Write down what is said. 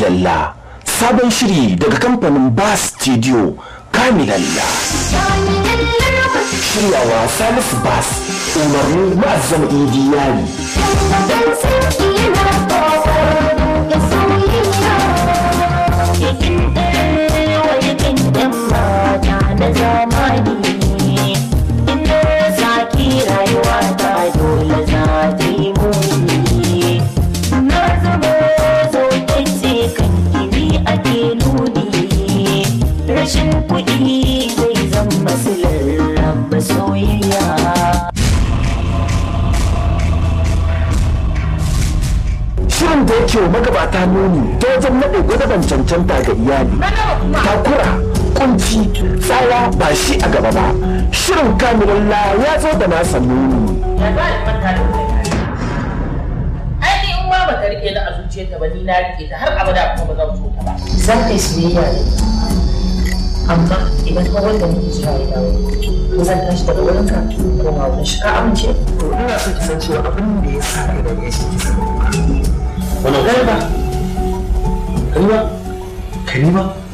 kamilalla sabon shiri daga kamfanin ba studio kamilalla shiryawa salisu bas umarni ma'azam idiyari kuɗi zai zama soyayya shirin da yake wa magabata nuni ta wajen naɗe gwadaban cancanta ga iyali takura kunci tsawa ba shi a gaba ba shirin kamilin la ya zo da nasa nuni ba ta rike na a zuciyarta ba ni na rike ta har abada kuma ba zan so ta ba zan kai soyayya ne amma idan ka wanda nake zuwa ya dawo ko zan tashi daga wurin ko ma wani shi ka amince to ina so ki san cewa abin da ya sa kai da shi ki san wannan garba kariba kariba